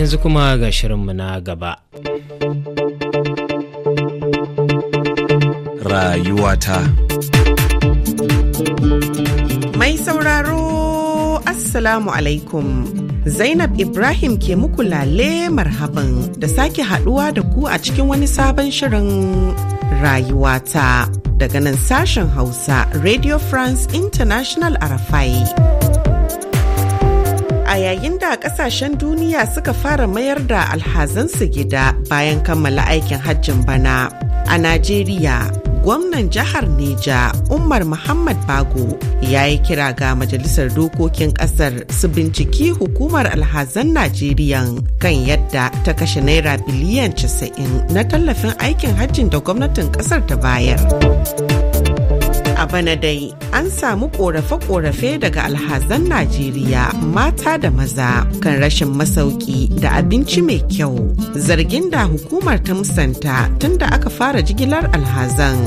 yanzu kuma ga shirinmu na gaba. Rayuwata Mai sauraro Assalamu alaikum. Zainab Ibrahim ke muku lale marhaban da sake haɗuwa da ku a cikin wani sabon shirin rayuwata daga nan sashen Hausa Radio France International Arafai. a yayin da kasashen duniya suka fara mayar da alhazansu gida bayan kammala aikin hajjin bana a najeriya gwamnan jihar neja umar muhammad bago ya yi kira ga majalisar dokokin Ƙasar su binciki hukumar alhazan najeriya kan yadda ta kashe naira biliyan 90 na tallafin aikin hajjin da gwamnatin Ƙasar ta bayar. a bana dai an samu korafe-korafe daga alhazan Najeriya mata da maza kan rashin masauki da abinci mai kyau zargin da hukumar ta musanta tunda aka fara jigilar alhazan.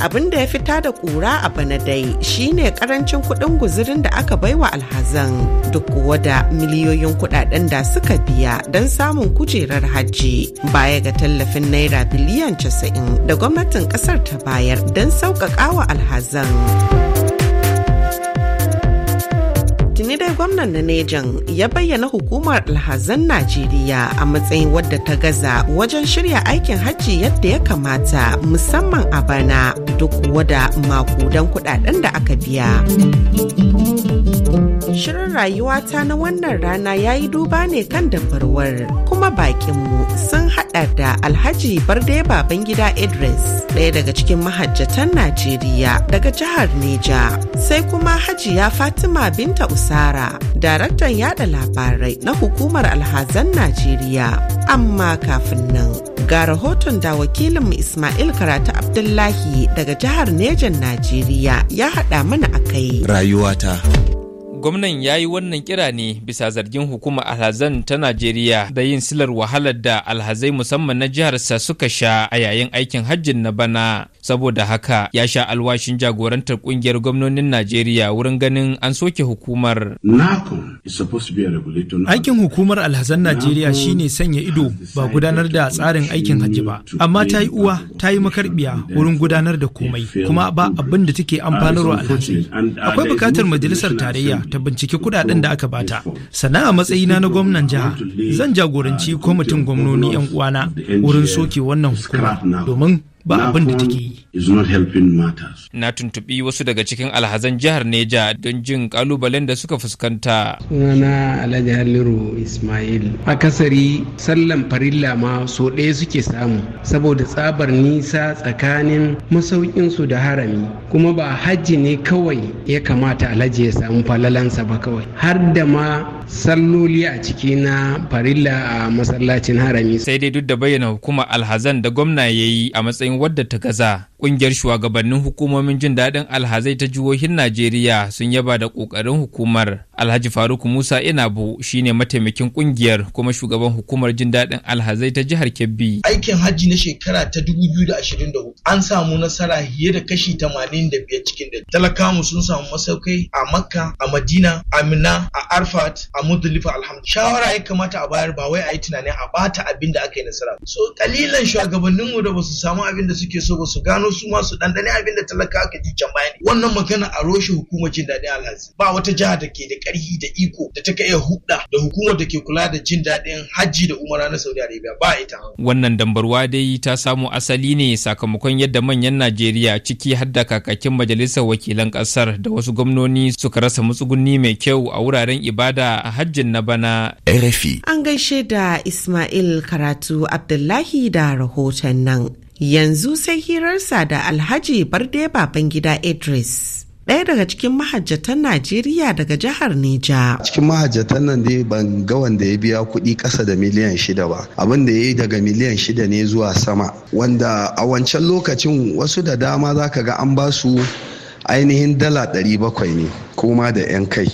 abin da ya fita da kura a bana dai shine karancin kuɗin guzurin da aka bai wa alhazan duk kuwa da miliyoyin kuɗaɗen da suka biya don samun kujerar hajji baya ga tallafin naira biliyan 90 da gwamnatin ƙasar ta bayar don sauƙaƙa wa alhazan. litinin dai gwamnan na Nejan ya bayyana hukumar alhazan Najeriya a matsayin wadda ta gaza wajen shirya aikin hajji yadda ya kamata musamman a bana duk wada makudan kudaden da aka biya. Shirin rayuwata na wannan rana ya yi duba ne kan dabarwar kuma bakinmu sun haɗa da Alhaji Barde Babangida Idris ɗaya daga cikin mahajjatan Najeriya daga jihar Neja sai kuma Hajiya Fatima Binta Usman nasara daraktan yada labarai na hukumar alhazan najeriya amma kafin nan ga rahoton da wakilinmu ismail karatu abdullahi daga jihar nejan najeriya ya haɗa mana akai rayuwata gwamnan ya yi wannan kira ne bisa zargin hukumar alhazan ta najeriya da yin silar wahalar da alhazai musamman na jiharsa suka sha a yayin aikin hajjin na bana saboda haka ya sha alwashin jagorantar kungiyar gwamnonin Najeriya wurin ganin an soke hukumar. Aikin hukumar alhazan Najeriya shine sanya ido ba gudanar da tsarin aikin hajji ba, amma ta yi uwa ta yi makarbiya wurin gudanar da komai kuma ba abin da take amfanarwa alhazai. Akwai bukatar majalisar tarayya ta binciki kudaden da aka bata. a matsayina na gwamnan jiha zan jagoranci kwamitin gwamnoni 'yan uwana wurin soke wannan hukuma domin ba abin da take yi. Na tuntuɓi wasu daga cikin alhazan jihar Neja don jin ƙalubalen da suka fuskanta. Sunana Alhaji Halliru Ismail. Akasari sallan farilla ma so ɗaya suke samu saboda tsabar nisa tsakanin masauƙinsu da harami kuma ba hajji ne kawai ya kamata alhaji ya samu falalansa ba kawai har da ma salloli a ciki na farilla a masallacin harami. Sai dai duk da bayyana hukumar alhazan da gwamna ya yi a matsayin wadda ta gaza Ƙungiyar shugabannin hukumomin jin daɗin alhazai ta jihohin Najeriya sun yaba da ƙoƙarin hukumar. Alhaji Faruk Musa Inabu shine mataimakin ƙungiyar kuma shugaban hukumar jin daɗin alhazai ta jihar Kebbi. Aikin hajji na shekara ta 2024 an samu nasara fiye da kashi 85 cikin da talakamu sun samu masaukai a Makka, a Madina, a Mina, a Arfat, a Muzdalifa alhamdu. Shawara ya kamata a bayar ba wai a yi tunanin a bata abin da aka yi nasara. So kalilan shugabanninmu da ba su samu abin da suke so ba su gano don su masu dandane abin da talaka aka ji can bayani wannan magana a roshe hukumar jin daɗin alhazi ba wata jiha da ke da ƙarfi da iko da ta iya hudda da hukumar da ke kula da jin daɗin hajji da umara na saudi arabia ba ita wannan dambarwa dai ta samu asali ne sakamakon yadda manyan najeriya ciki har da kakakin majalisar wakilan ƙasar da wasu gwamnoni suka rasa matsuguni mai kyau a wuraren ibada a hajjin na bana rfi an gaishe da ismail karatu abdullahi da rahoton nan Yanzu sai hirarsa da Alhaji Barde Babangida Idris. ɗaya daga cikin mahajjatan Najeriya daga jihar Nija. Cikin mahajjatan nan dai ban ga wanda ya biya kuɗi ƙasa da miliyan shida ba. Abin da ya yi daga miliyan shida ne zuwa sama. Wanda a wancan lokacin wasu da dama za ka ga an ba su ainihin dala ɗari bakwai ne, koma da 'yan kai.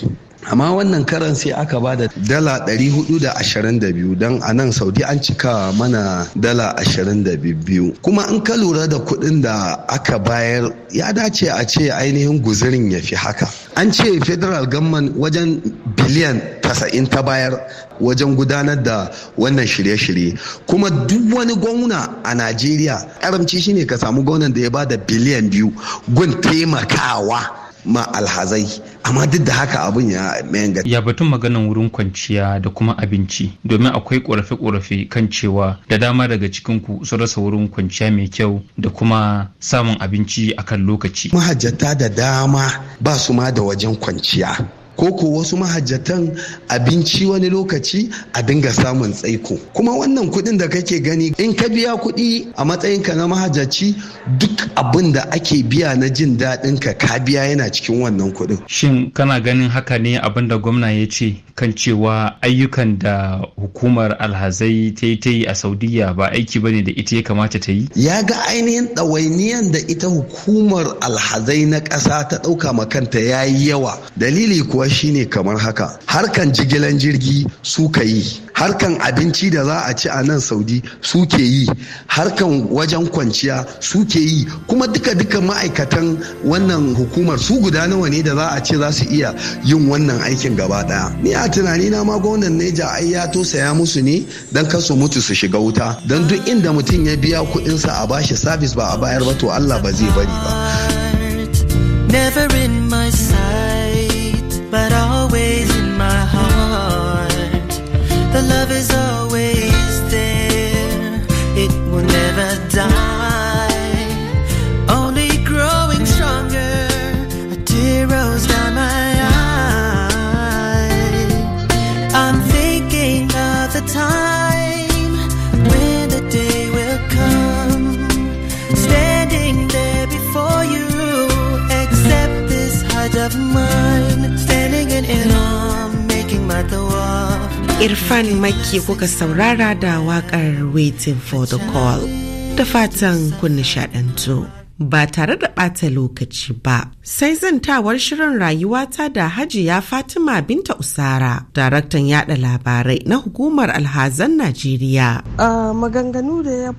amma wannan karan sai aka ba da dala 422 don a nan saudi an cika mana dala 22 kuma in ka lura da kuɗin da aka bayar ya dace a ce ainihin guzirin ya fi haka an ce federal gamman wajen biliyan 90 ta bayar wajen gudanar da wannan shirye-shirye kuma duk wani gwamna a najeriya karamci shine ka samu gwamnan da ya ba da biliyan biyu gun taimakawa ma alhazai amma duk da haka abin ya mayan ya batun maganan wurin kwanciya da kuma abinci domin akwai korafe-korafe kan cewa da dama daga cikin ku rasa wurin kwanciya mai kyau da kuma samun abinci akan lokaci mahajjata da dama ba su ma da wajen kwanciya ko ko wasu mahajjatan abinci wani lokaci a dinga samun tsaiko kuma wannan kuɗin da kake gani in ka biya kuɗi a matsayinka na mahajjaci duk abin da ake biya na jin daɗin ka ka biya yana cikin wannan kuɗin shin kana ganin haka ne abin da gwamna ya ce kan cewa ayyukan da hukumar alhazai ta yi ta yi a saudiya ba aiki bane da ita ya kamata ta yi ya ga ainihin ɗawainiyan da ita hukumar alhazai na ƙasa ta ɗauka ma kanta ya yi yawa dalili kuwa shi shine kamar haka harkan jigilan jirgi su ka yi harkan abinci da za a ci a nan saudi su ke yi harkan wajen kwanciya su ke yi kuma duka duka ma'aikatan wannan hukumar su guda nawa ne da za a ce za su iya yin wannan aikin gaba daya ni a tunani na ma gwamnan neja ai ya saya musu ne dan kar su mutu su shiga wuta dan duk inda mutum ya biya kuɗinsa a bashi sabis ba a bayar ba to Allah ba zai bari ba never in my side but always in my heart. The love is all. Irfan Maki kuka saurara da waƙar Waiting for the Call da fatan kun nishaɗantu. Ba tare da ɓata lokaci ba, sai zan tawar shirin rayuwata da hajiya Fatima Binta Usara, daraktan yada labarai na hukumar alhazan Najeriya. Ah, maganganu da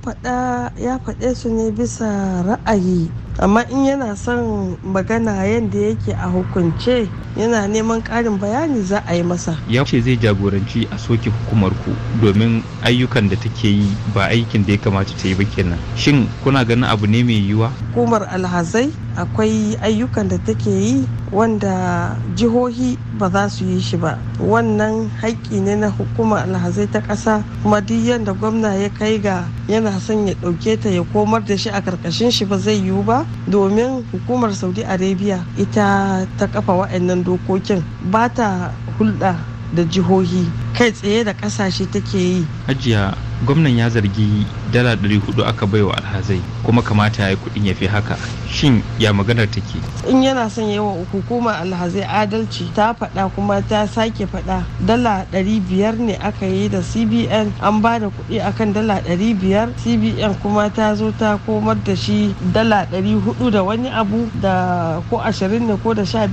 ya faɗe su ne bisa ra'ayi amma in yana son magana yadda yake a hukunce yana neman ƙarin bayani za a yi masa ya ce zai jagoranci a soke hukumar ku domin ayyukan da take yi ba aikin da ya kamata ta yi ba kenan shin kuna ganin abu ne mai yiwuwa hukumar alhazai akwai ayyukan da take yi wanda jihohi ba za su yi shi ba wannan haƙƙi ne na hukuma alhazai ta ƙasa kuma duk yadda gwamna ya kai ga yana son ya ɗauke ta ya komar da shi a ƙarƙashin shi ba zai yiwu ba domin hukumar saudi arabia ita ta kafa wa'annan dokokin ba ta hulɗa da jihohi kai tsaye da ƙasashe take yi hajiya gwamnan ya zargi dala ɗari aka baiwa alhazai kuma kamata ya yi kuɗin ya fi haka shin ya maganar take in yana son wa hukumar alhazai adalci ta faɗa kuma ta sake faɗa dala 500 ne aka yi da cbn an ba da kuɗi akan dala ɗari biyar cbn kuma ta zo ta komar da shi dala ɗari da wani abu da ko ashirin ne ko da sha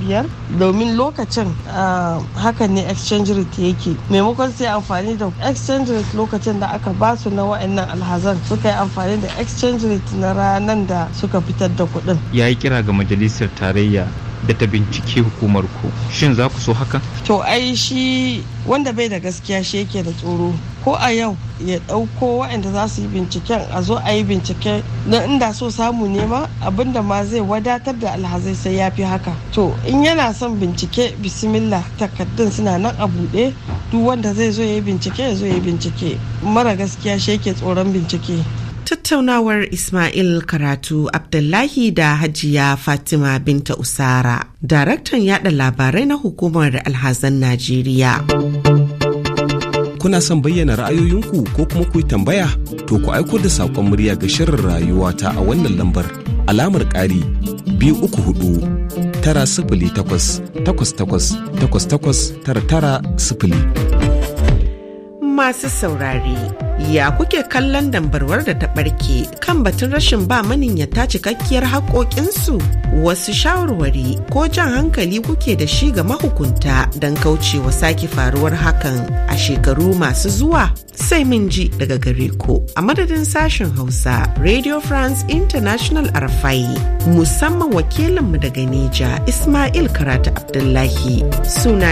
domin lokacin hakan ne exchange rate yake maimakon sai amfani da exchange rate lokacin da aka ba su na wa'annan alhazai zan suka yi amfani da exchange rate na ranar da suka fitar da kuɗin ya yi kira ga majalisar tarayya da ta bincike hukumar ku shin za ku so haka to ai shi wanda bai da gaskiya shi yake da tsoro ko a yau ya ɗauko waɗanda za su yi binciken a zo a yi bincike na inda so samu nema abinda ma zai wadatar da alhazai sai ya fi haka to in yana son bincike bismillah takardun suna nan a buɗe duk wanda zai zo ya yi bincike ya zo ya yi bincike mara gaskiya shi yake tsoron bincike tattaunawar Ismail Karatu Abdullahi da Hajiya Fatima Binta Usara, daraktan yada labarai na hukumar alhazan Najeriya. Kuna son bayyana ra'ayoyinku ko kuma ku tambaya? To ku aiko da saƙon murya ga shirin rayuwata a wannan lambar alamar ƙari biyu uku hudu tara sifili takwas takwas takwas takwas takwas tara tara sifili. masu saurari Ya kuke kallon dambarwar da ta ɓarke kan batun rashin ba maniyyata cikakkiyar haƙoƙinsu? Wasu shawarwari ko jan hankali kuke da shi ga mahukunta don kaucewa sake faruwar hakan a shekaru masu zuwa? Sai min ji daga gare ku a madadin sashen Hausa Radio France International Arfai musamman wakilinmu daga nija Ismail Karatu Abdullahi suna